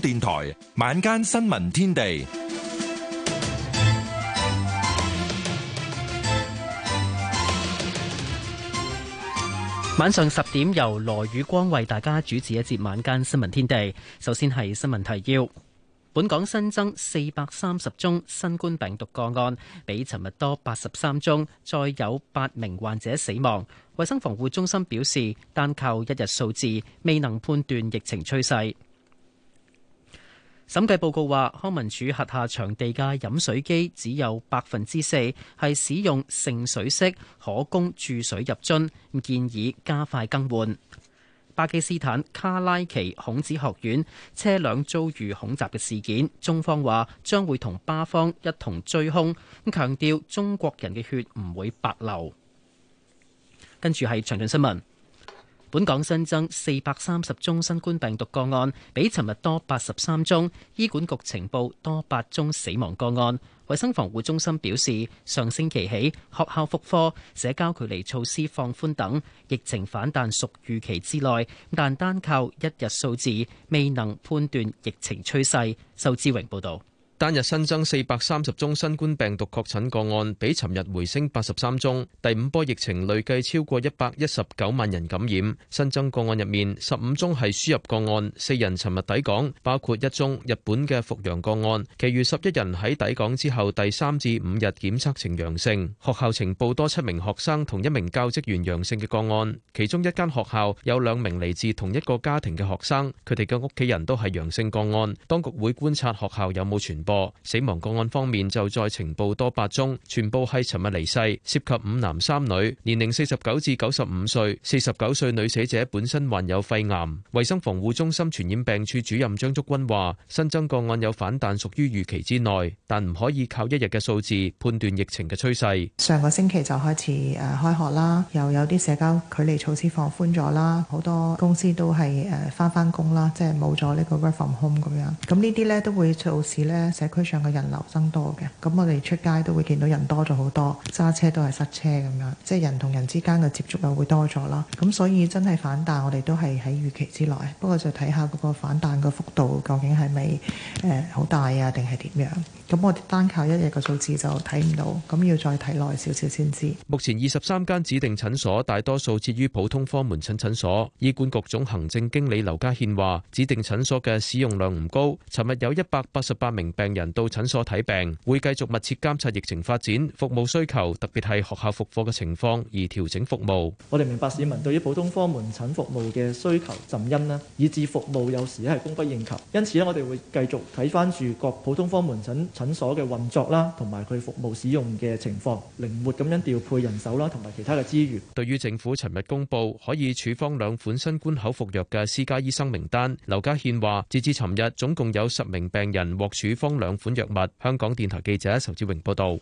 電台晚間新聞天地，晚上十點由羅宇光為大家主持一節晚間新聞天地。首先係新聞提要：本港新增四百三十宗新冠病毒個案，比尋日多八十三宗，再有八名患者死亡。衛生防護中心表示，單靠一日數字未能判斷疫情趨勢。審計報告話，康文署轄下場地嘅飲水機只有百分之四係使用盛水式，可供注水入樽，建議加快更換。巴基斯坦卡拉奇孔子學院車輛遭遇恐襲嘅事件，中方話將會同巴方一同追兇，咁強調中國人嘅血唔會白流。跟住係詳盡新聞。本港新增四百三十宗新冠病毒個案，比尋日多八十三宗。醫管局呈報多八宗死亡個案。衛生防護中心表示，上星期起學校復課、社交距離措施放寬等，疫情反彈屬預期之內。但單靠一日數字，未能判斷疫情趨勢。周志榮報導。單日新增四百三十宗新冠病毒確診個案，比尋日回升八十三宗。第五波疫情累計超過一百一十九萬人感染。新增個案入面，十五宗係輸入個案，四人尋日抵港，包括一宗日本嘅復陽個案，其餘十一人喺抵港之後第三至五日檢測呈陽性。學校情報多七名學生同一名教職員陽性嘅個案，其中一間學校有兩名嚟自同一個家庭嘅學生，佢哋嘅屋企人都係陽性個案。當局會觀察學校有冇傳播。死亡個案方面就再呈報多八宗，全部係尋日離世，涉及五男三女，年齡四十九至九十五歲。四十九歲女死者本身患有肺癌。衞生防護中心傳染病處主任張竹君話：新增個案有反彈，屬於預期之內，但唔可以靠一日嘅數字判斷疫情嘅趨勢。上個星期就開始誒開學啦，又有啲社交距離措施放寬咗啦，好多公司都係誒翻返工啦，即係冇咗呢個 work from home 咁樣。咁呢啲咧都會導致咧。社區上嘅人流增多嘅，咁我哋出街都會見到人多咗好多，揸車都係塞車咁樣，即係人同人之間嘅接觸又會多咗啦。咁所以真係反彈，我哋都係喺預期之內。不過就睇下嗰個反彈嘅幅度究竟係咪誒好大啊，定係點樣？咁我哋單靠一日嘅數字就睇唔到，咁要再睇耐少少先知。目前二十三間指定診所，大多數設於普通科門診診所。醫管局總行政經理劉家獻話：指定診所嘅使用量唔高。尋日有一百八十八名病人到診所睇病，會繼續密切監察疫情發展、服務需求，特別係學校復課嘅情況而調整服務。我哋明白市民對於普通科門診服務嘅需求甚殷啦，以致服務有時係供不應求。因此咧，我哋會繼續睇翻住各普通科門診診所嘅運作啦，同埋佢服務使用嘅情況，靈活咁樣調配人手啦，同埋其他嘅資源。對於政府尋日公布可以處方兩款新冠口服藥嘅私家醫生名單，劉家獻話：截至尋日，總共有十名病人獲處方。兩款藥物。香港電台記者仇志榮報道，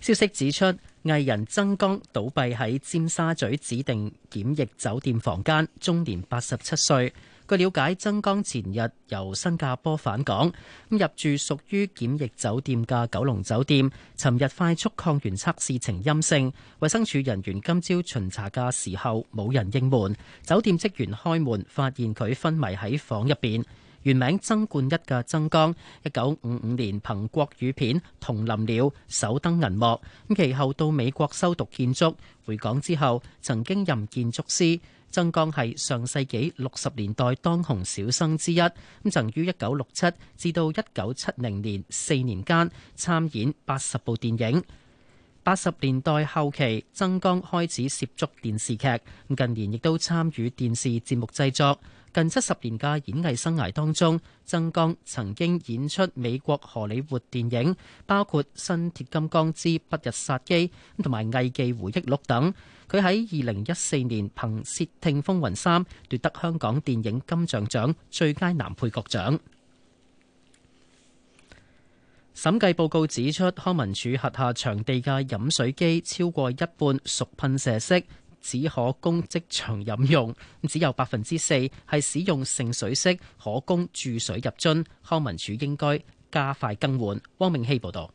消息指出，藝人曾江倒斃喺尖沙咀指定檢疫酒店房間，終年八十七歲。據了解，曾江前日由新加坡返港，入住屬於檢疫酒店嘅九龍酒店。尋日快速抗原測試呈陰性，衛生署人員今朝巡查嘅時候冇人應門，酒店職員開門發現佢昏迷喺房入邊。原名曾冠一嘅曾江，一九五五年憑國語片《同林鳥》首登銀幕，咁其後到美國修讀建築，回港之後曾經任建築師，曾江係上世紀六十年代當紅小生之一，咁曾於一九六七至到一九七零年四年間參演八十部電影。八十年代後期，曾江開始涉足電視劇，近年亦都參與電視節目製作。近七十年嘅演藝生涯當中，曾江曾經演出美國荷里活電影，包括《新鐵金剛之不日殺機》咁同埋《藝伎回憶錄》等。佢喺二零一四年憑《竊聽風雲三》奪得香港電影金像獎最佳男配角獎。審計報告指出，康文署轄下場地嘅飲水機超過一半屬噴射式。只可供即場飲用，只有百分之四係使用盛水式，可供注水入樽。康文署應該加快更換。汪明希報導。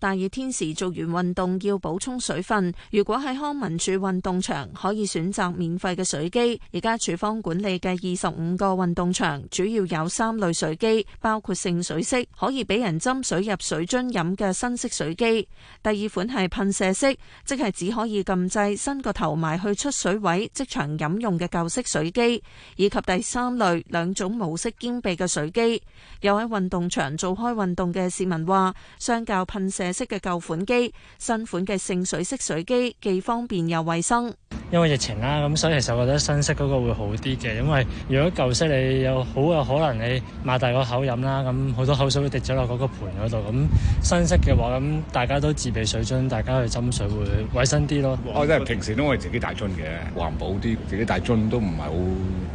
大熱天時做完運動要補充水分，如果喺康文署運動場，可以選擇免費嘅水機。而家署方管理嘅二十五個運動場，主要有三類水機，包括盛水式，可以俾人斟水入水樽飲嘅新式水機；第二款係噴射式，即係只可以撳掣，伸個頭埋去出水位即場飲用嘅舊式水機；以及第三類兩種模式兼備嘅水機。有喺運動場做開運動嘅市民話，相較噴射式嘅舊款機，新款嘅盛水式水機，既方便又衛生。因為疫情啦、啊，咁所以其實我覺得新式嗰個會好啲嘅，因為如果舊式你有好有可能你買大個口飲啦，咁好多口水會滴咗落嗰個盆嗰度。咁新式嘅話，咁大家都自備水樽，大家去斟水會衛生啲咯。我即係平時都為自己帶樽嘅，環保啲，自己帶樽都唔係好，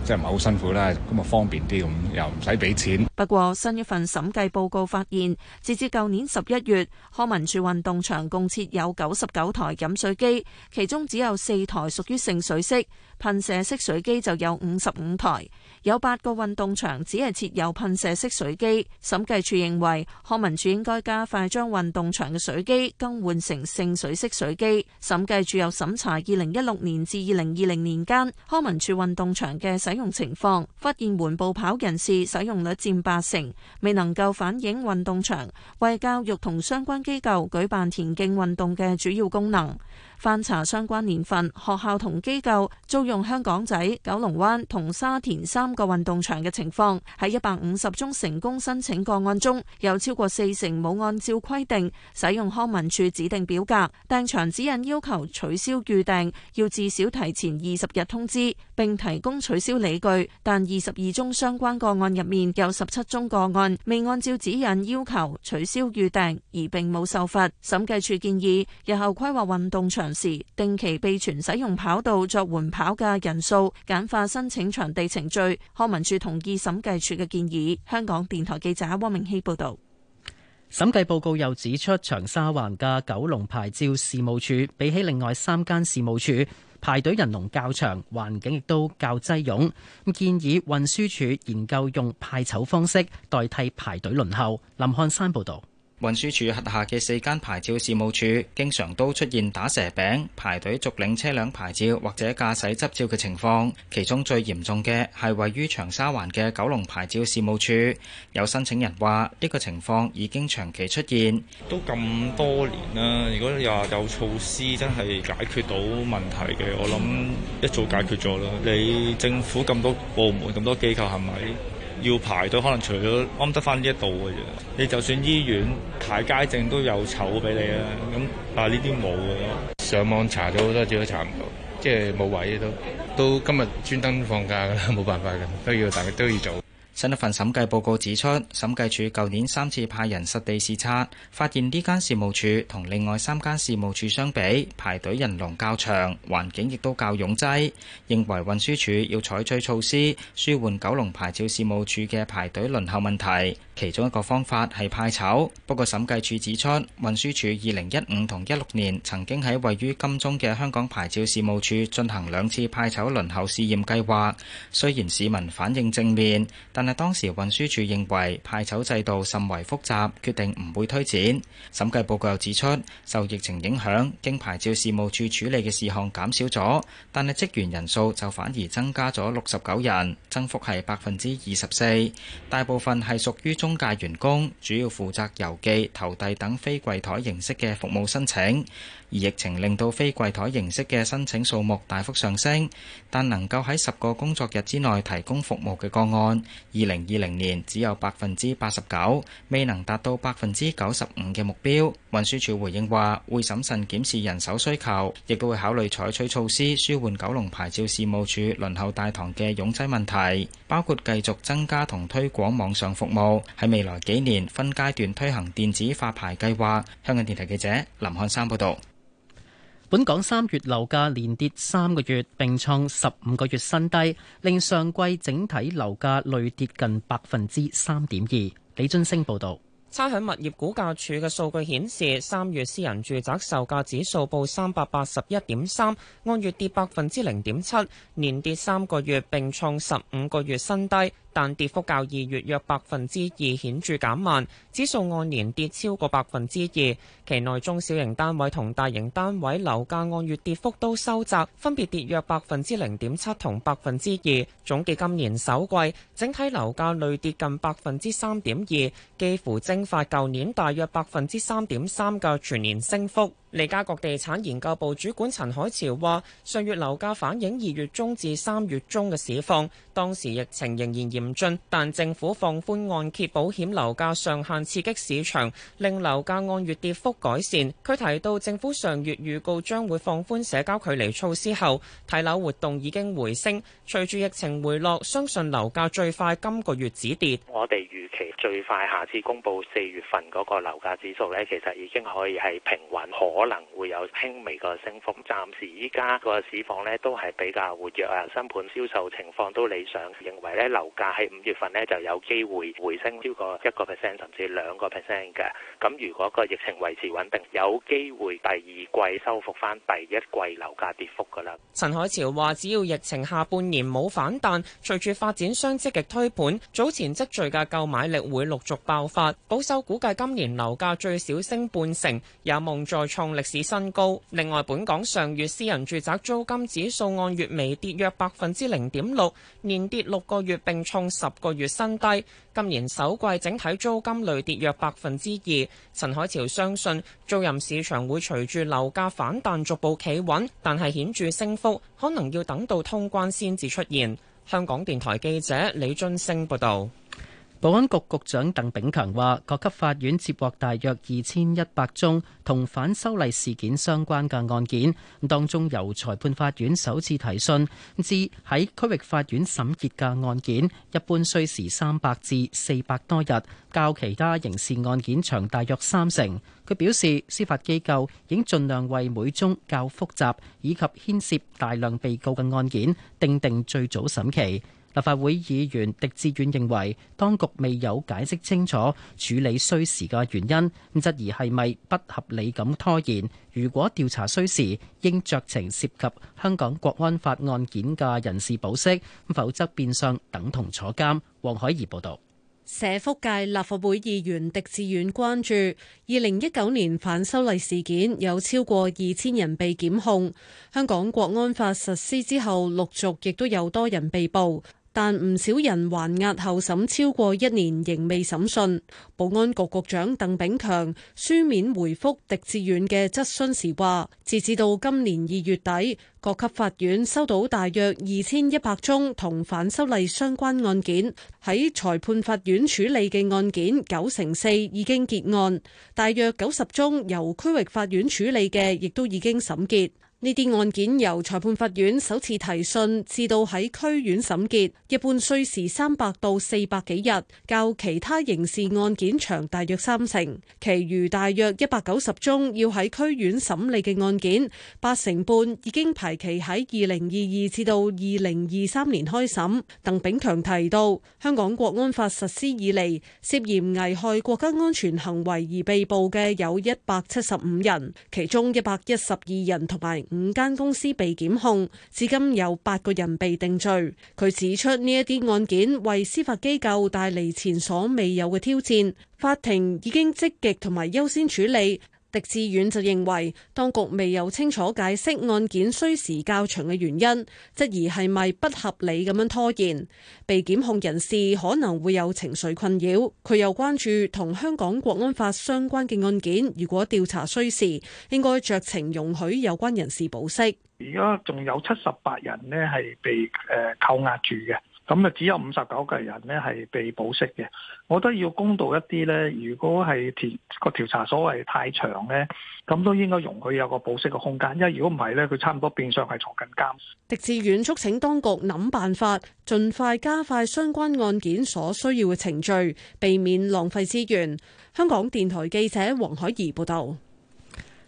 即係唔係好辛苦啦，咁啊方便啲，咁又唔使俾錢。不過新一份審計報告發現，截至舊年十一月民署運動場共設有九十九台飲水機，其中只有四台屬於盛水式，噴射式水機就有五十五台。有八個運動場只係設有噴射式水機，審計處認為康文署應該加快將運動場嘅水機更換成盛水式水機。審計處又審查二零一六年至二零二零年間康文署運動場嘅使用情況，發現緩步跑人士使用率佔八成，未能夠反映運動場為教育同相關機構舉辦田徑運動嘅主要功能。翻查相關年份，學校同機構租用香港仔、九龍灣同沙田三個運動場嘅情況，喺一百五十宗成功申請個案中，有超過四成冇按照規定使用康文署指定表格訂場指引要求取消預訂，要至少提前二十日通知，並提供取消理據。但二十二宗相關個案入面，有十七宗個案未按照指引要求取消預訂，而並冇受罰。審計署建議日後規劃運動場。時定期備存使用跑道作緩跑嘅人數，簡化申請場地程序，康文署同意審計署嘅建議。香港電台記者汪明熙報道。審計報告又指出，長沙灣嘅九龍牌照事務處比起另外三間事務處，排隊人龍較長，環境亦都較擠擁。建議運輸署研究用派籌方式代替排隊輪候。林漢山報道。運輸署轄下嘅四間牌照事務處，經常都出現打蛇餅、排隊續領車輛牌照或者駕駛執照嘅情況。其中最嚴重嘅係位於長沙灣嘅九龍牌照事務處，有申請人話呢個情況已經長期出現，都咁多年啦。如果你話有措施，真係解決到問題嘅，我諗一早解決咗啦。你政府咁多部門、咁多機構係咪？要排隊，可能除咗啱得翻呢一度嘅啫。你就算醫院排街症都有籌俾你啊，咁但係呢啲冇啊。上網查咗好多次都查唔到，即係冇位都，都今日專登放假㗎啦，冇 辦法嘅，都要但係都要做。新一份審計報告指出，審計署舊年三次派人實地視察，發現呢間事務處同另外三間事務處相比，排隊人龍較長，環境亦都較擁擠，認為運輸署要採取措施，舒緩九龍牌照事務處嘅排隊輪候問題。其中一個方法係派籌，不過審計署指出，運輸署二零一五同一六年曾經喺位於金鐘嘅香港牌照事務處進行兩次派籌輪候試驗計劃。雖然市民反應正面，但係當時運輸署認為派籌制度甚為複雜，決定唔會推展。審計報告又指出，受疫情影響，經牌照事務處處理嘅事項減少咗，但係職員人數就反而增加咗六十九人，增幅係百分之二十四。大部分係屬於中介員工主要負責郵寄、投遞等非櫃枱形式嘅服務申請。而疫情令到非櫃台形式嘅申請數目大幅上升，但能夠喺十個工作日之內提供服務嘅個案，二零二零年只有百分之八十九，未能達到百分之九十五嘅目標。運輸署回應話，會審慎檢視人手需求，亦都會考慮採取措施舒緩九龍牌照事務處輪候大堂嘅擁擠問題，包括繼續增加同推廣網上服務，喺未來幾年分階段推行電子發牌計劃。香港電台記者林漢山報道。本港三月樓價連跌三個月，並創十五個月新低，令上季整體樓價累跌近百分之三點二。李津升報道。差餉物業估價署嘅數據顯示，三月私人住宅售價指數報三百八十一點三，按月跌百分之零點七，連跌三個月，並創十五個月新低。但跌幅較二月約百分之二顯著減慢，指數按年跌超過百分之二。期內中小型單位同大型單位樓價按月跌幅都收窄，分別跌約百分之零點七同百分之二。總結今年首季整體樓價累跌近百分之三點二，幾乎蒸發舊年大約百分之三點三嘅全年升幅。利嘉閣地產研究部主管陳海潮話：上月樓價反映二月中至三月中嘅市況，當時疫情仍然嚴峻，但政府放寬按揭保險樓價上限，刺激市場，令樓價按月跌幅改善。佢提到政府上月預告將會放寬社交距離措施後，睇樓活動已經回升，隨住疫情回落，相信樓價最快今個月止跌。我哋預期最快下次公布四月份嗰個樓價指數呢，其實已經可以係平穩可。可能會有輕微個升幅，暫時依家個市況呢，都係比較活躍啊，新盤銷售情況都理想，認為呢樓價喺五月份呢就有機會回升超過一個 percent 甚至兩個 percent 嘅。咁如果個疫情維持穩定，有機會第二季收復翻第一季樓價跌幅㗎啦。陳海潮話：只要疫情下半年冇反彈，隨住發展商積極推盤，早前積聚嘅購買力會陸續爆發，保守估計今年樓價最少升半成，有望再創歷史新高。另外，本港上月私人住宅租金指數按月微跌約百分之零點六，連跌六個月，並創十個月新低。今年首季整體租金累跌約百分之二。陳海潮相信租賃市場會隨住樓價反彈逐步企穩，但係顯著升幅可能要等到通關先至出現。香港電台記者李津星報道。保安局局長鄧炳強話，各級法院接獲大約二千一百宗同反修例事件相關嘅案件，咁當中由裁判法院首次提訊至喺區域法院審結嘅案件，一般需時三百至四百多日，較其他刑事案件長大約三成。佢表示，司法機構應盡量為每宗較複雜以及牽涉大量被告嘅案件訂定最早審期。立法會議員狄志遠認為，當局未有解釋清楚處理需時嘅原因，咁質疑係咪不合理咁拖延？如果調查需時，應酌情涉及香港國安法案件嘅人士保釋，否則變相等同坐監。黃海怡報導，社福界立法會議員狄志遠關注，二零一九年反修例事件有超過二千人被檢控，香港國安法實施之後，陸續亦都有多人被捕。但唔少人還押候審超過一年，仍未審訊。保安局局長鄧炳強書面回覆狄志遠嘅質詢時話，截至到今年二月底，各級法院收到大約二千一百宗同反修例相關案件，喺裁判法院處理嘅案件九成四已經結案，大約九十宗由區域法院處理嘅亦都已經審結。呢啲案件由裁判法院首次提訊，至到喺區院審結，一般需時三百到四百幾日，較其他刑事案件長大約三成。其餘大約一百九十宗要喺區院審理嘅案件，八成半已經排期喺二零二二至到二零二三年開審。鄧炳強提到，香港國安法實施以嚟，涉嫌危害國家安全行為而被捕嘅有一百七十五人，其中一百一十二人同埋。五間公司被檢控，至今有八個人被定罪。佢指出呢一啲案件為司法機構帶嚟前所未有嘅挑戰，法庭已經積極同埋優先處理。狄志遠就認為，當局未有清楚解釋案件需時較長嘅原因，質疑係咪不，不合理咁樣拖延。被檢控人士可能會有情緒困擾。佢又關注同香港國安法相關嘅案件，如果調查需時，應該酌情容許有關人士保釋。而家仲有七十八人呢係被誒扣押住嘅。咁就只有五十九個人呢係被保釋嘅。我覺得要公道一啲呢，如果係調個調查所謂太長呢，咁都應該容許有個保釋嘅空間，因為如果唔係呢，佢差唔多變相係坐緊監。狄志遠促請當局諗辦法，盡快加快相關案件所需要嘅程序，避免浪費資源。香港電台記者黃海怡報道。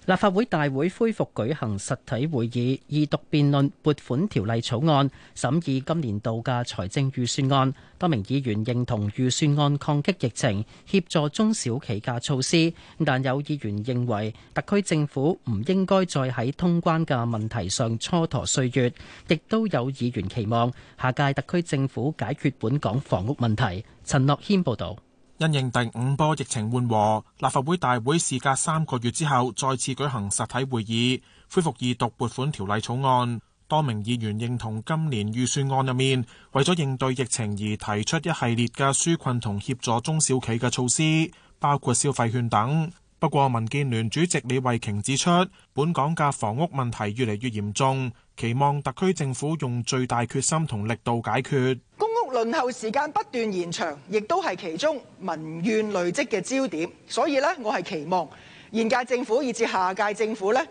立法會大會恢復舉行實體會議，二讀辯論撥款條例草案，審議今年度嘅財政預算案。多名議員認同預算案抗擊疫情、協助中小企嘅措施，但有議員認為特區政府唔應該再喺通關嘅問題上蹉跎歲月。亦都有議員期望下屆特區政府解決本港房屋問題。陳諾軒報導。因應第五波疫情緩和，立法會大會事隔三個月之後再次舉行實體會議，恢復二讀撥款條例草案。多名議員認同今年預算案入面，為咗應對疫情而提出一系列嘅紓困同協助中小企嘅措施，包括消費券等。不過，民建聯主席李慧瓊指出，本港嘅房屋問題越嚟越嚴重，期望特區政府用最大決心同力度解決。輪候時間不斷延長，亦都係其中民怨累積嘅焦點。所以咧，我係期望現屆政府以至下屆政府咧，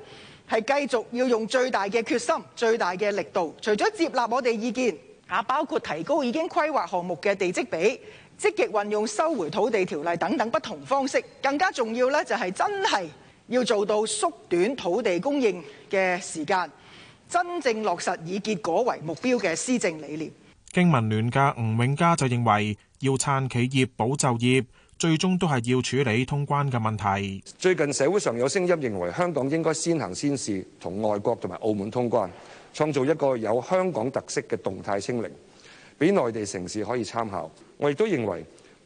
係繼續要用最大嘅決心、最大嘅力度，除咗接納我哋意見，啊，包括提高已經規劃項目嘅地積比，積極運用收回土地條例等等不同方式。更加重要咧，就係真係要做到縮短土地供應嘅時間，真正落實以結果為目標嘅施政理念。經民聯嘅吳永嘉就認為，要撐企業保就業，最終都係要處理通關嘅問題。最近社會上有聲音認為，香港應該先行先試同外國同埋澳門通關，創造一個有香港特色嘅動態清零，俾內地城市可以參考。我亦都認為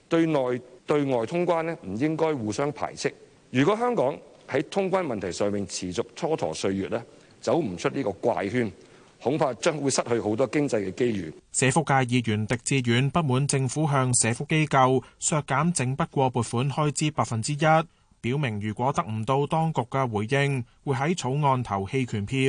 對內對外通關咧，唔應該互相排斥。如果香港喺通關問題上面持續蹉跎歲月咧，走唔出呢個怪圈。恐怕將會失去好多經濟嘅機遇。社福界議員狄志遠不滿政府向社福機構削減整不過撥款開支百分之一，表明如果得唔到當局嘅回應，會喺草案投棄權票。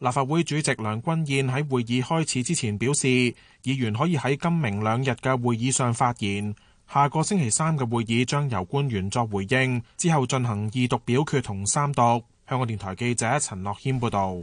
立法會主席梁君彥喺會議開始之前表示，議員可以喺今明兩日嘅會議上發言，下個星期三嘅會議將由官員作回應，之後進行二讀表決同三讀。香港電台記者陳樂謙報道。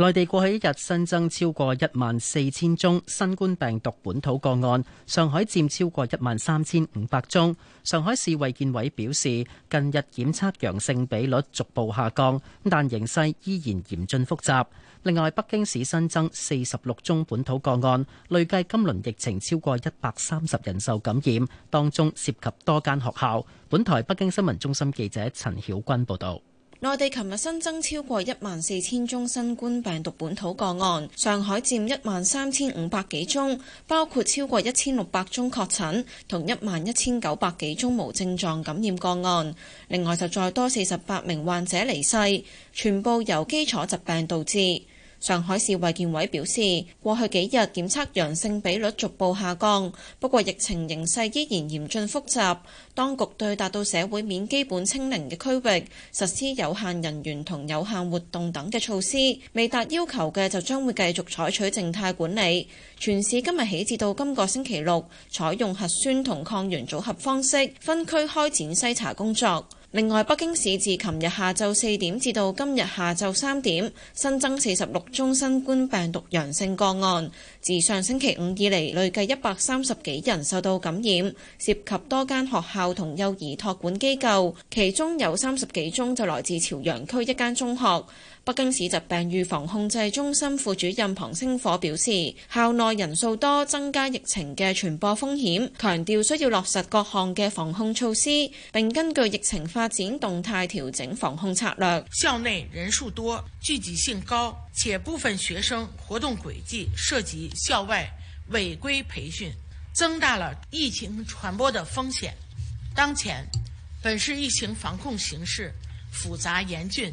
內地過去一日新增超過一萬四千宗新冠病毒本土個案，上海佔超過一萬三千五百宗。上海市衛健委表示，近日檢測陽性比率逐步下降，但形勢依然嚴峻複雜。另外，北京市新增四十六宗本土個案，累計今輪疫情超過一百三十人受感染，當中涉及多間學校。本台北京新聞中心記者陳曉君報道。內地琴日新增超過一萬四千宗新冠病毒本土個案，上海佔一萬三千五百幾宗，包括超過一千六百宗確診，同一萬一千九百幾宗無症狀感染個案。另外，就再多四十八名患者離世，全部由基礎疾病導致。上海市衛健委表示，過去幾日檢測陽性比率逐步下降，不過疫情形勢依然嚴峻複雜。當局對達到社會面基本清零嘅區域，實施有限人員同有限活動等嘅措施；未達要求嘅就將會繼續採取靜態管理。全市今日起至到今個星期六，採用核酸同抗原組合方式，分區開展篩查工作。另外，北京市自琴日下晝四點至到今日下晝三點，新增四十六宗新冠病毒陽性個案。自上星期五以嚟，累計一百三十幾人受到感染，涉及多間學校同幼兒托管機構，其中有三十幾宗就來自朝陽區一間中學。北京市疾病預防控制中心副主任龐星火表示，校內人數多，增加疫情嘅傳播風險，強調需要落實各項嘅防控措施，並根據疫情發展動態調整防控策略。校內人數多，聚集性高，且部分學生活動軌跡涉，涉及校外違規培訓，增大了疫情傳播的風險。當前，本市疫情防控形勢複雜嚴峻。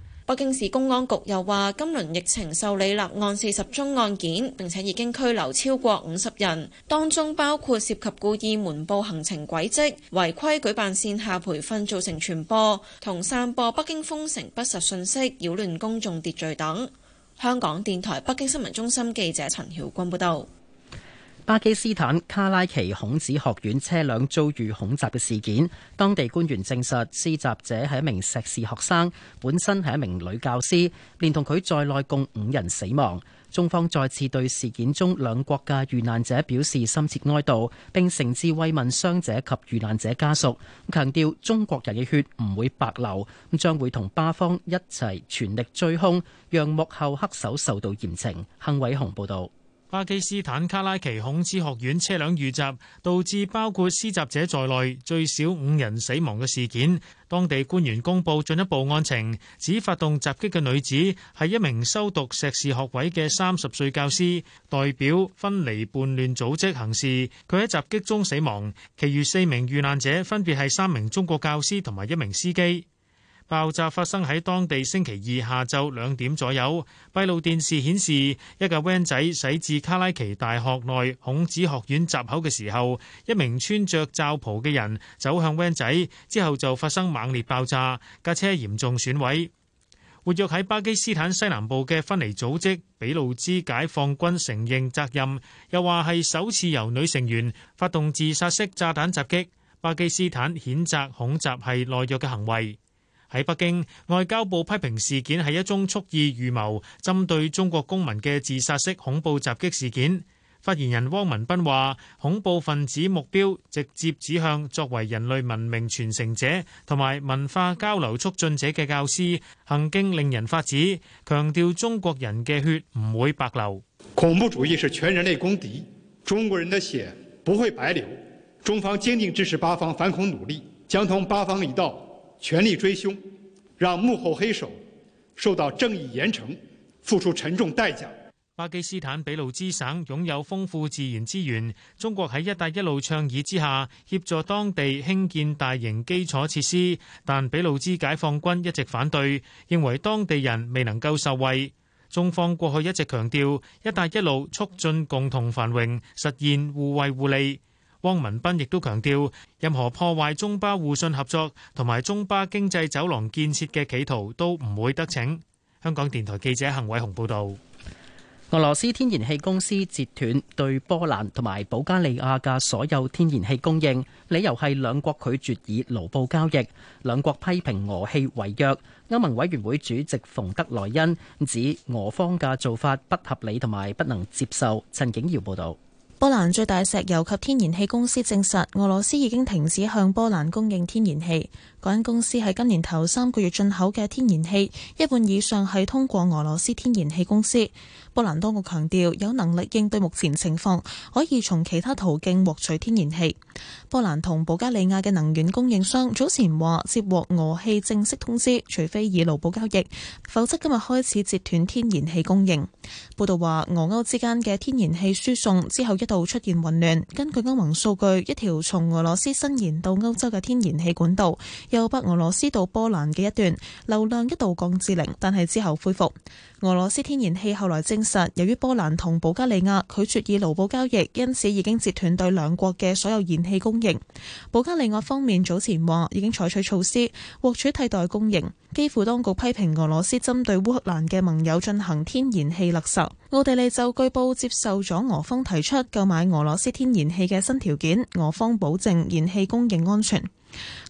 北京市公安局又話，今輪疫情受理立案四十宗案件，並且已經拘留超過五十人，當中包括涉及故意瞞報行程軌跡、違規舉辦線下培訓造成傳播同散播北京封城不實信息、擾亂公眾秩序等。香港電台北京新聞中心記者陳曉君報道。巴基斯坦卡拉奇孔子學院車輛遭遇恐襲嘅事件，當地官員證實，施襲者係一名碩士學生，本身係一名女教師，連同佢在內共五人死亡。中方再次對事件中兩國嘅遇難者表示深切哀悼，並誠摯慰問傷者及遇難者家屬，強調中國人嘅血唔會白流，將會同巴方一齊全力追兇，讓幕後黑手受到嚴懲。幸偉雄報道。巴基斯坦卡拉奇孔子學院車輛遇襲，導致包括施襲者在內最少五人死亡嘅事件，當地官員公布進一步案情。指發動襲擊嘅女子係一名修讀碩士學位嘅三十歲教師，代表分離叛亂組織行事。佢喺襲擊中死亡，其餘四名遇難者分別係三名中國教師同埋一名司機。爆炸發生喺當地星期二下晝兩點左右。閉路電視顯示，一架 van 仔駛至卡拉奇大學內孔子學院閘口嘅時候，一名穿着罩袍嘅人走向 van 仔，之後就發生猛烈爆炸，架車嚴重損毀。活躍喺巴基斯坦西南部嘅分離組織俾路支解放軍承認責任，又話係首次由女成員發動自殺式炸彈襲擊。巴基斯坦譴責恐襲係懦弱嘅行為。喺北京，外交部批評事件係一宗蓄意預謀針對中國公民嘅自殺式恐怖襲擊事件。發言人汪文斌話，恐怖分子目標直接指向作為人類文明傳承者同埋文化交流促進者嘅教師，行徑令人髮指，強調中國人嘅血唔會白流。恐怖主義是全人類公敵，中國人的血不會白流。中方堅定支持巴方反恐努力，將同巴方一道，全力追凶，讓幕後黑手受到正義嚴懲，付出沉重代價。巴基斯坦俾路支省擁有豐富自然資源，中國喺一帶一路倡議之下協助當地興建大型基礎設施，但俾路支解放軍一直反對，認為當地人未能夠受惠。中方過去一直強調，一帶一路促進共同繁榮，實現互惠互利。汪文斌亦都強調，任何破壞中巴互信合作同埋中巴經濟走廊建設嘅企圖都唔會得逞。香港電台記者陳偉雄報道，俄羅斯天然氣公司截斷對波蘭同埋保加利亞嘅所有天然氣供應，理由係兩國拒絕以盧布交易。兩國批評俄氣違約。歐盟委員會主席馮德萊恩指俄方嘅做法不合理同埋不能接受。陳景堯報道。波蘭最大石油及天然氣公司證實，俄羅斯已經停止向波蘭供應天然氣。嗰間公司喺今年頭三個月進口嘅天然氣，一半以上係通過俄羅斯天然氣公司。波蘭當局強調有能力應對目前情況，可以從其他途徑獲取天然氣。波蘭同保加利亞嘅能源供應商早前話接獲俄氣正式通知，除非以盧布交易，否則今日開始截斷天然氣供應。報道話俄歐之間嘅天然氣輸送之後一度出現混亂。根據歐盟數據，一條從俄羅斯伸延到歐洲嘅天然氣管道。由白俄羅斯到波蘭嘅一段流量一度降至零，但係之後恢復。俄羅斯天然氣後來證實，由於波蘭同保加利亞拒絕以盧布交易，因此已經截斷對兩國嘅所有燃氣供應。保加利亞方面早前話已經採取措施獲取替代供應。基輔當局批評俄羅斯針對烏克蘭嘅盟友進行天然氣勒索。奧地利就據報接受咗俄方提出購買俄羅斯天然氣嘅新條件，俄方保證燃氣供應安全。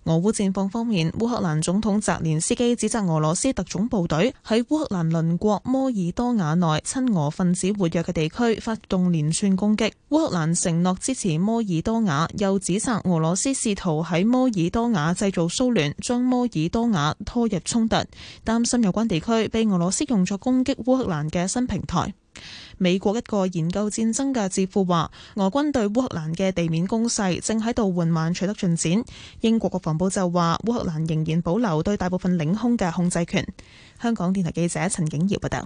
俄烏戰況方面，烏克蘭總統澤連斯基指責俄羅斯特種部隊喺烏克蘭鄰國摩爾多瓦內親俄分子活躍嘅地區發動連串攻擊。烏克蘭承諾支持摩爾多瓦，又指責俄羅斯試圖喺摩爾多瓦製造騷亂，將摩爾多瓦拖入衝突，擔心有關地區被俄羅斯用作攻擊烏克蘭嘅新平台。美國一個研究戰爭嘅智庫話，俄軍對烏克蘭嘅地面攻勢正喺度緩慢取得進展。英國國防防部就話，烏克蘭仍然保留對大部分領空嘅控制權。香港電台記者陳景瑤報道。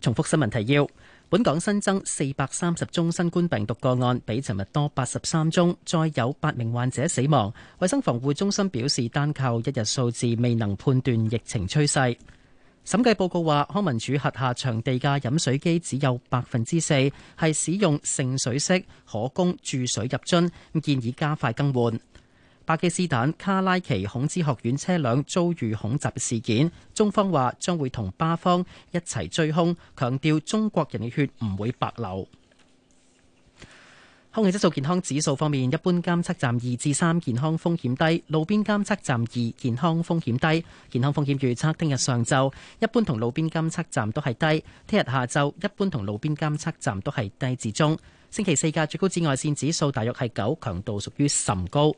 重複新聞提要：本港新增四百三十宗新冠病毒個案，比尋日多八十三宗，再有八名患者死亡。衛生防護中心表示，單靠一日數字未能判斷疫情趨勢。審計報告話，康文署轄下場地嘅飲水機只有百分之四係使用盛水式，可供注水入樽，建議加快更換。巴基斯坦卡拉奇孔子學院車輛遭遇恐襲事件，中方話將會同巴方一齊追凶，強調中國人嘅血唔會白流。空氣質素健康指數方面，一般監測站二至三，健康風險低；路邊監測站二，健康風險低。健康風險預測：聽日上晝一般同路邊監測站都係低；聽日下晝一般同路邊監測站都係低至中。星期四嘅最高紫外線指數大約係九，強度屬於甚高。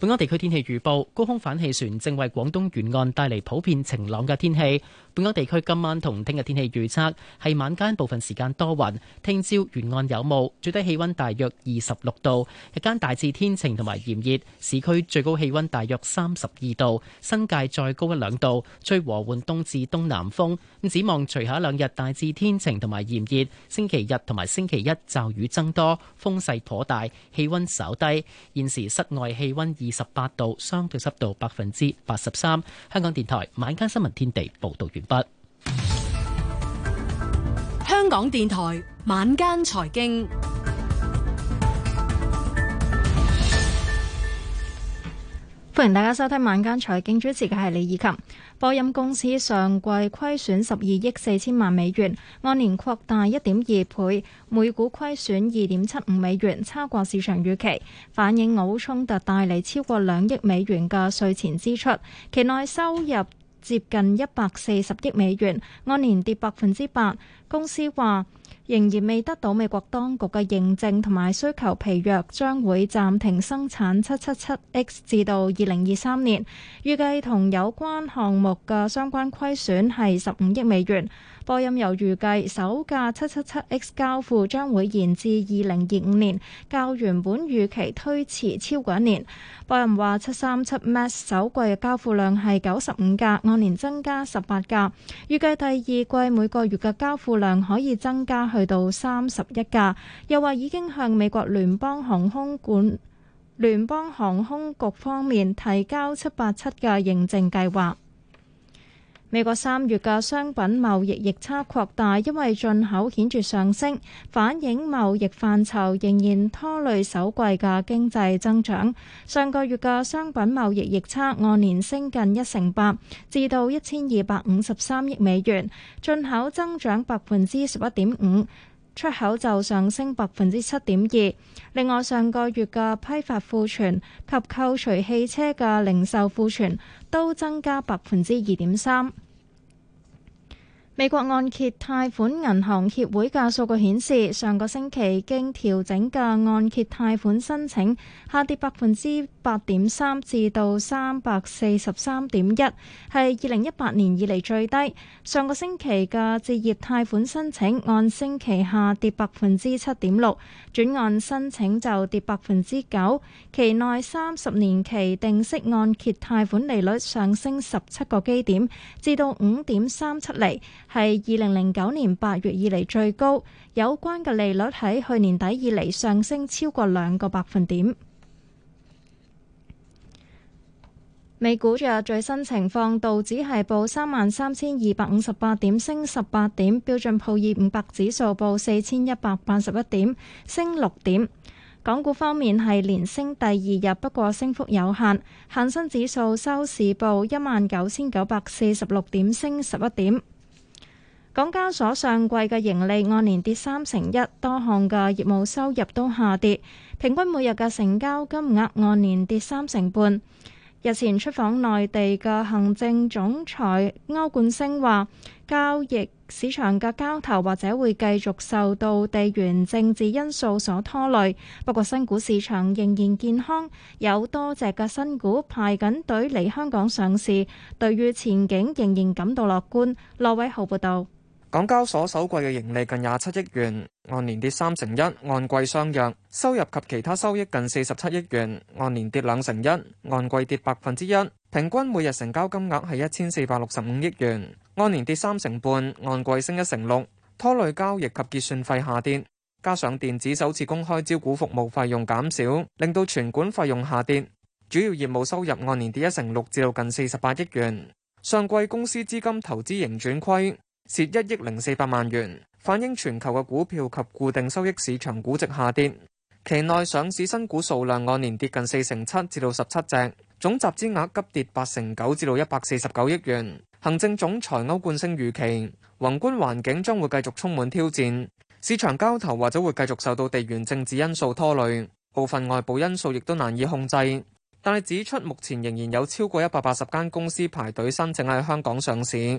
本港地區天氣預報，高空反氣旋正為廣東沿岸帶嚟普遍晴朗嘅天氣。本港地區今晚同聽日天氣預測，係晚間部分時間多雲，聽朝沿岸有霧，最低氣溫大約二十六度，日間大致天晴同埋炎熱，市區最高氣溫大約三十二度，新界再高一兩度，吹和緩東至東南風，咁展望，隨後兩日大致天晴同埋炎熱，星期日同埋星期一驟雨增多，風勢頗大，氣溫稍低。現時室外氣溫二十八度，相對濕度百分之八十三。香港電台晚間新聞天地報道完。香港電台晚間財經，歡迎大家收聽晚間財經，主持嘅係李以琴。波音公司上季虧損十二億四千萬美元，按年擴大一點二倍，每股虧損二點七五美元，超過市場預期，反映澳衝突帶嚟超過兩億美元嘅稅前支出，期內收入。接近一百四十億美元，按年跌百分之八。公司話仍然未得到美國當局嘅認證同埋需求疲弱，將會暫停生產七七七 X 至到二零二三年。預計同有關項目嘅相關虧損係十五億美元。波音又預計首架 777X 交付將會延至二零二五年，較原本預期推遲超過一年。波音話，737MAX 首季嘅交付量係九十五架，按年增加十八架。預計第二季每個月嘅交付量可以增加去到三十一架。又話已經向美國聯邦航空管，聯邦航空局方面提交七八七嘅認證計劃。美國三月嘅商品貿易逆差擴大，因為進口顯著上升，反映貿易範疇仍然拖累首季嘅經濟增長。上個月嘅商品貿易逆差按年升近一成八，至到一千二百五十三億美元，進口增長百分之十一點五。出口就上升百分之七點二，另外上個月嘅批發庫存及扣除汽車嘅零售庫存都增加百分之二點三。美國按揭貸款銀行協會嘅數據顯示，上個星期經調整嘅按揭貸款申請下跌百分之八點三至到三百四十三點一，係二零一八年以嚟最低。上個星期嘅置業貸款申請按星期下跌百分之七點六，轉按申請就跌百分之九。期內三十年期定息按揭貸款利率上升十七個基點，至到五點三七厘，係二零零九年八月以嚟最高。有關嘅利率喺去年底以嚟上升超過兩個百分點。美股昨日最新情況，道指係報三萬三千二百五十八點升十八點，標準普爾五百指數報四千一百八十一點升六點，港股方面係連升第二日，不過升幅有限，恆生指數收市報一萬九千九百四十六點升十一點，港交所上季嘅盈利按年跌三成一，多項嘅業務收入都下跌，平均每日嘅成交金額按年跌三成半。日前出訪內地嘅行政總裁歐冠星話，交易市場嘅交投或者會繼續受到地緣政治因素所拖累。不過，新股市場仍然健康，有多隻嘅新股排緊隊嚟香港上市，對於前景仍然感到樂觀。羅偉豪報道。港交所首季嘅盈利近廿七億元，按年跌三成一，按季相若。收入及其他收益近四十七億元，按年跌兩成一，按季跌百分之一。平均每日成交金額係一千四百六十五億元，按年跌三成半，按季升一成六。拖累交易及結算費下跌，加上電子首次公開招股服務費用減少，令到存管費用下跌。主要業務收入按年跌一成六，至到近四十八億元。上季公司資金投資盈轉虧。蝕一億零四百萬元，反映全球嘅股票及固定收益市場估值下跌。期內上市新股數量按年跌近四成七，至到十七隻，總集資額急跌八成九，至到一百四十九億元。行政總裁歐冠昇預期，宏觀環境將會繼續充滿挑戰，市場交投或者會繼續受到地緣政治因素拖累，部分外部因素亦都難以控制。但係指出，目前仍然有超過一百八十間公司排隊申請喺香港上市。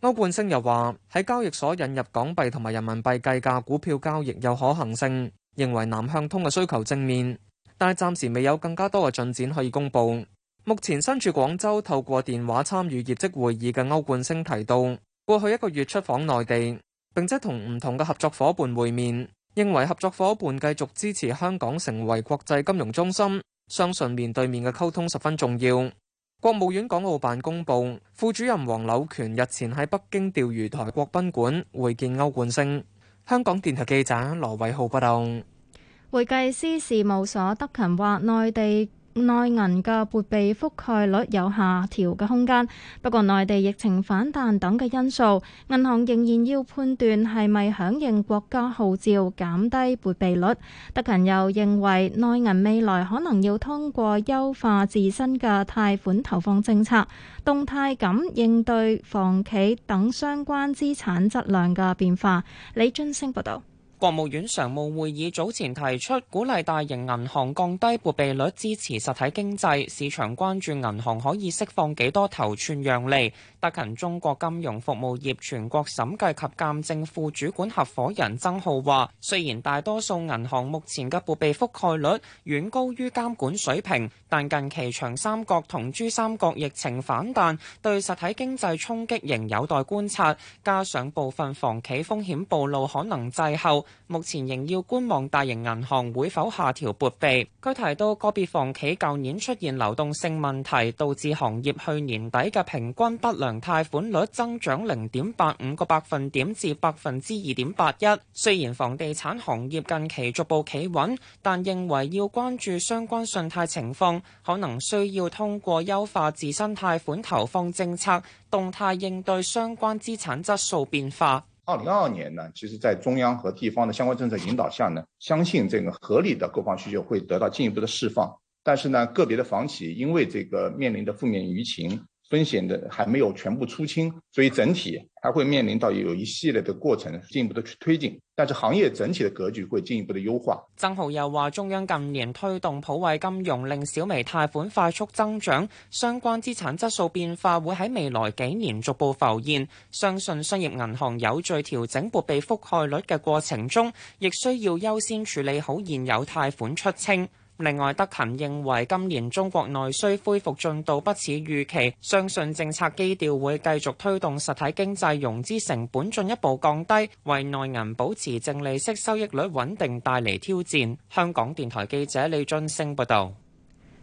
歐冠星又話喺交易所引入港幣同埋人民幣計價股票交易有可行性，認為南向通嘅需求正面，但係暫時未有更加多嘅進展可以公布。目前身處廣州，透過電話參與業績會議嘅歐冠星提到，過去一個月出訪內地，並且同唔同嘅合作夥伴會面，認為合作夥伴繼續支持香港成為國際金融中心，相信面對面嘅溝通十分重要。國務院港澳辦公布，副主任黃柳權日前喺北京釣魚台國賓館會見歐冠昇。香港電台記者羅偉浩報道。會計師事務所德勤話，內地，內銀嘅撥備覆蓋率有下調嘅空間，不過內地疫情反彈等嘅因素，銀行仍然要判斷係咪響應國家號召減低撥備率。德勤又認為內銀未來可能要通過優化自身嘅貸款投放政策，動態咁應對房企等相關資產質量嘅變化。李俊星報道。國務院常務會議早前提出，鼓勵大型銀行降低撥備率，支持實體經濟。市場關注銀行可以釋放幾多頭寸讓利。德勤中國金融服務業全國審計及鑑證副主管合伙人曾浩話：雖然大多數銀行目前嘅撥備覆蓋率遠高於監管水平，但近期長三角同珠三角疫情反彈，對實體經濟衝擊仍有待觀察。加上部分房企風險暴露可能滯後，目前仍要觀望大型銀行會否下調撥備。佢提到，個別房企舊年出現流動性問題，導致行業去年底嘅平均不良貸款率增長零點八五個百分點至百分之二點八一。雖然房地產行業近期逐步企穩，但認為要關注相關信貸情況，可能需要通過優化自身貸款投放政策，動態應對相關資產質素變化。二零二二年呢，其實在中央和地方的相關政策引導下呢，相信這個合理的購房需求會得到進一步的釋放。但是呢，個別的房企因為這個面臨的負面輿情。風險的還沒有全部出清，所以整體還會面臨到有一系列的過程，進一步的去推進，但是行業整體的格局會進一步的優化。曾浩又話中央近年推動普惠金融，令小微貸款快速增長，相關資產質素變化會喺未來幾年逐步浮現，相信商業銀行有序調整撥備覆蓋率嘅過程中，亦需要優先處理好現有貸款出清。另外，德勤認為今年中國內需恢復進度不似預期，相信政策基調會繼續推動實體經濟融資成本進一步降低，為內銀保持淨利息收益率穩定帶嚟挑戰。香港電台記者李俊升報道。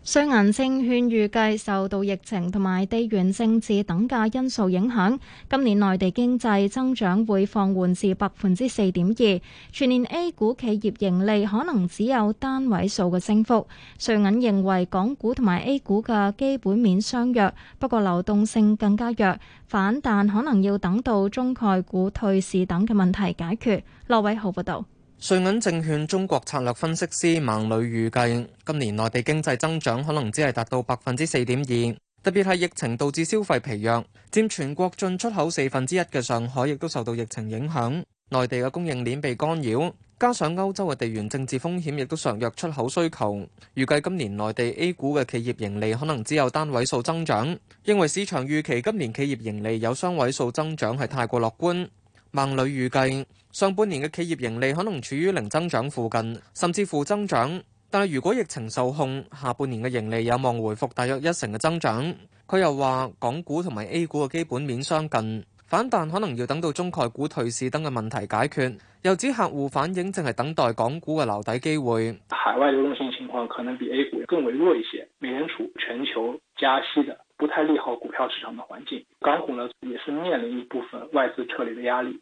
瑞銀證券預計受到疫情同埋地緣政治等嘅因素影響，今年內地經濟增長會放緩至百分之四點二，全年 A 股企業盈利可能只有單位數嘅升幅。瑞銀認為港股同埋 A 股嘅基本面相弱，不過流動性更加弱，反彈可能要等到中概股退市等嘅問題解決。羅偉豪報道。瑞銀證券中國策略分析師孟磊預計，今年內地經濟增長可能只係達到百分之四點二，特別係疫情導致消費疲弱。佔全國進出口四分之一嘅上海亦都受到疫情影響，內地嘅供應鏈被干擾，加上歐洲嘅地緣政治風險亦都削弱出口需求。預計今年內地 A 股嘅企業盈利可能只有單位數增長，認為市場預期今年企業盈利有雙位數增長係太過樂觀。孟磊預計上半年嘅企業盈利可能處於零增長附近，甚至負增長。但係如果疫情受控，下半年嘅盈利有望回復大約一成嘅增長。佢又話：港股同埋 A 股嘅基本面相近，反彈可能要等到中概股退市等嘅問題解決。又指客戶反映淨係等待港股嘅留底機會。海外流動性情況可能比 A 股更為弱一些，美聯儲全球加息嘅不太利好股票市場嘅環境。港股呢也是面臨一部分外資撤離嘅壓力。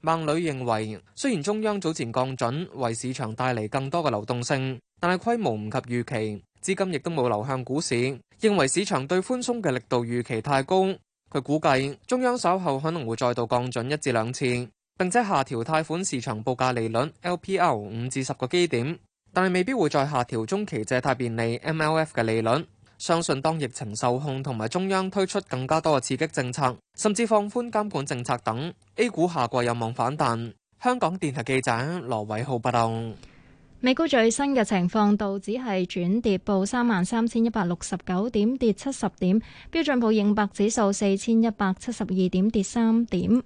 孟磊認為，雖然中央早前降準為市場帶嚟更多嘅流動性，但係規模唔及預期，資金亦都冇流向股市，認為市場對寬鬆嘅力度預期太高。佢估計中央稍後可能會再度降準一至兩次，並且下調貸款市場報價利率 LPR 五至十個基點，但係未必會再下調中期借貸便利 MLF 嘅利率。相信當疫情受控同埋中央推出更加多嘅刺激政策，甚至放寬監管政策等，A 股下季有望反彈。香港電台記者羅偉浩報道，美股最新嘅情況，道指係轉跌，報三萬三千一百六十九點，跌七十點；標準普爾五百指數四千一百七十二點，跌三點。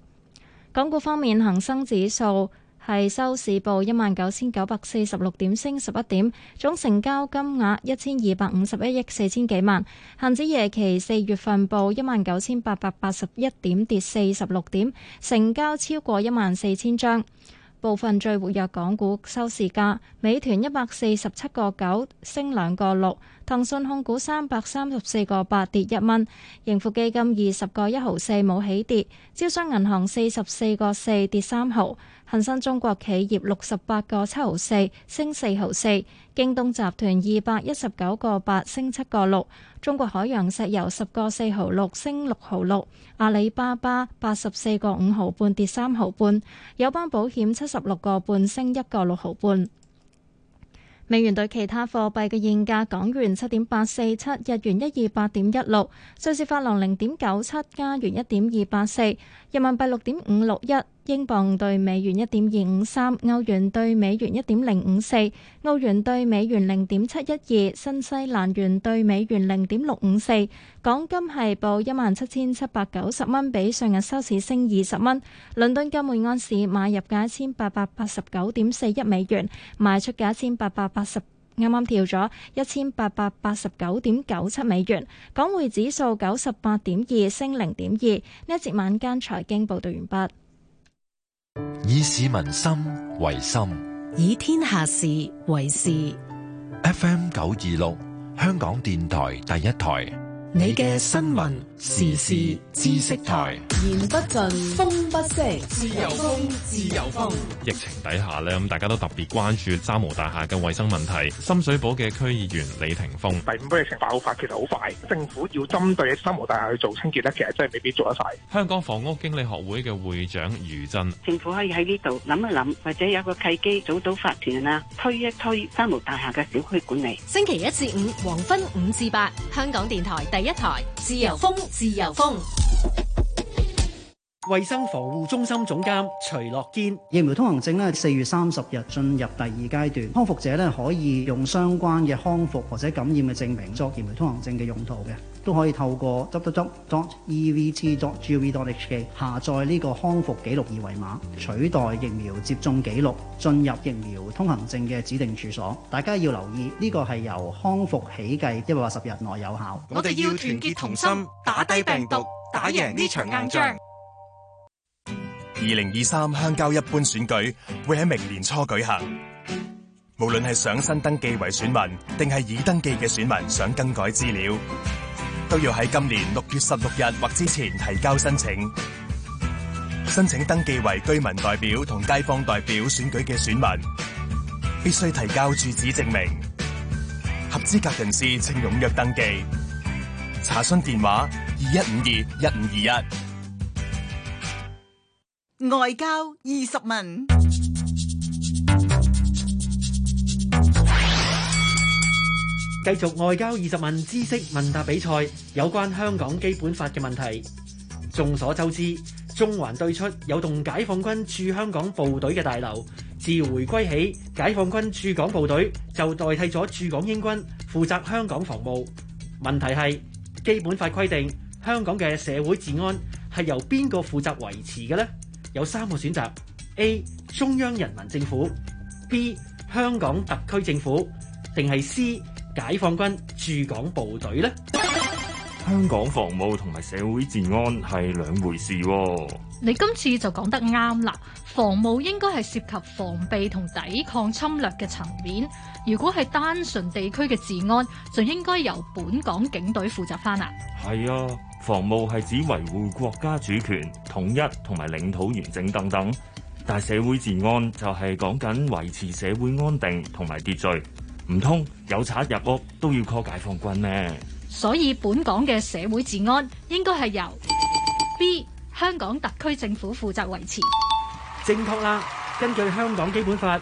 港股方面，恒生指數，係收市報一萬九千九百四十六點，升十一點，總成交金額一千二百五十一億四千幾萬。恆指夜期四月份報一萬九千八百八十一點，跌四十六點，成交超過一萬四千張。部分最活躍港股收市價，美團一百四十七個九，升兩個六。騰訊控股三百三十四個八跌一蚊，盈富基金二十個一毫四冇起跌，招商銀行四十四個四跌三毫，恒生中國企業六十八個七毫四升四毫四，京東集團二百一十九個八升七個六，中國海洋石油十個四毫六升六毫六，阿里巴巴八十四個五毫半跌三毫半，友邦保險七十六個半升一個六毫半。美元兌其他貨幣嘅現價：港元七點八四七，日元一二八點一六，瑞士法郎零點九七，加元一點二八四，人民幣六點五六一。英鎊兌美元一點二五三，歐元兌美元一點零五四，澳元兌美元零點七一二，新西蘭元兌美元零點六五四。港金係報一萬七千七百九十蚊，比上日收市升二十蚊。倫敦金每盎司買入價一千八百八十九點四一美元，賣出價一千八百八十，啱啱調咗一千八百八十九點九七美元。港匯指數九十八點二升零點二。呢一節晚間財經報道完畢。以市民心為心，以天下事為事。FM 九二六，香港電台第一台。你嘅新聞時事知識台，言不盡風不息，自由風自由風。疫情底下咧，咁大家都特別關注三毛大廈嘅衛生問題。深水埗嘅區議員李霆鋒，第五波疫情爆發其實好快，政府要針對三毛大廈去做清潔咧，其實真係未必做得快。香港房屋經理學會嘅會長余真，政府可以喺呢度諗一諗，或者有個契機，早早發展啦，推一推三毛大廈嘅小區管理。星期一至五黃昏五至八，香港電台第。一台自由風，自由風。衛生防護中心總監徐樂堅，疫苗通行證咧，四月三十日進入第二階段，康復者咧可以用相關嘅康復或者感染嘅證明作疫苗通行證嘅用途嘅。都可以透過 www.evt.gov.hk，下載呢個康復記錄二維碼，取代疫苗接種記錄，進入疫苗通行證嘅指定處所。大家要留意呢個係由康復起計，一百八十日內有效。我哋要團結同心，打低病毒，打贏呢場硬仗。二零二三鄉郊一般選舉會喺明年初舉行。無論係想新登記為選民，定係已登記嘅選民想更改資料，都要喺今年六月十六日或之前提交申請，申請。申請登記為居民代表同街坊代表選舉嘅選民，必須提交住址證明。合資格人士請踴躍登記。查詢電話二一五二一五二一。外交二十問。繼續外交二十問知識問答比賽，有關香港基本法嘅問題。眾所周知，中環對出有棟解放軍駐香港部隊嘅大樓。自回歸起，解放軍駐港部隊就代替咗駐港英軍負責香港防務。問題係基本法規定香港嘅社會治安係由邊個負責維持嘅呢？有三個選擇：A 中央人民政府，B 香港特區政府，定係 C。解放軍駐港部隊呢，香港防務同埋社會治安係兩回事喎。你今次就講得啱啦，防務應該係涉及防備同抵抗侵略嘅層面。如果係單純地區嘅治安，就應該由本港警隊負責返啦。係啊，防務係指維護國家主權統一同埋領土完整等等，但社會治安就係講緊維持社會安定同埋秩序。唔通有賊入屋都要 call 解放軍咩？所以本港嘅社會治安應該係由 B 香港特區政府負責維持，正確啦。根據香港基本法。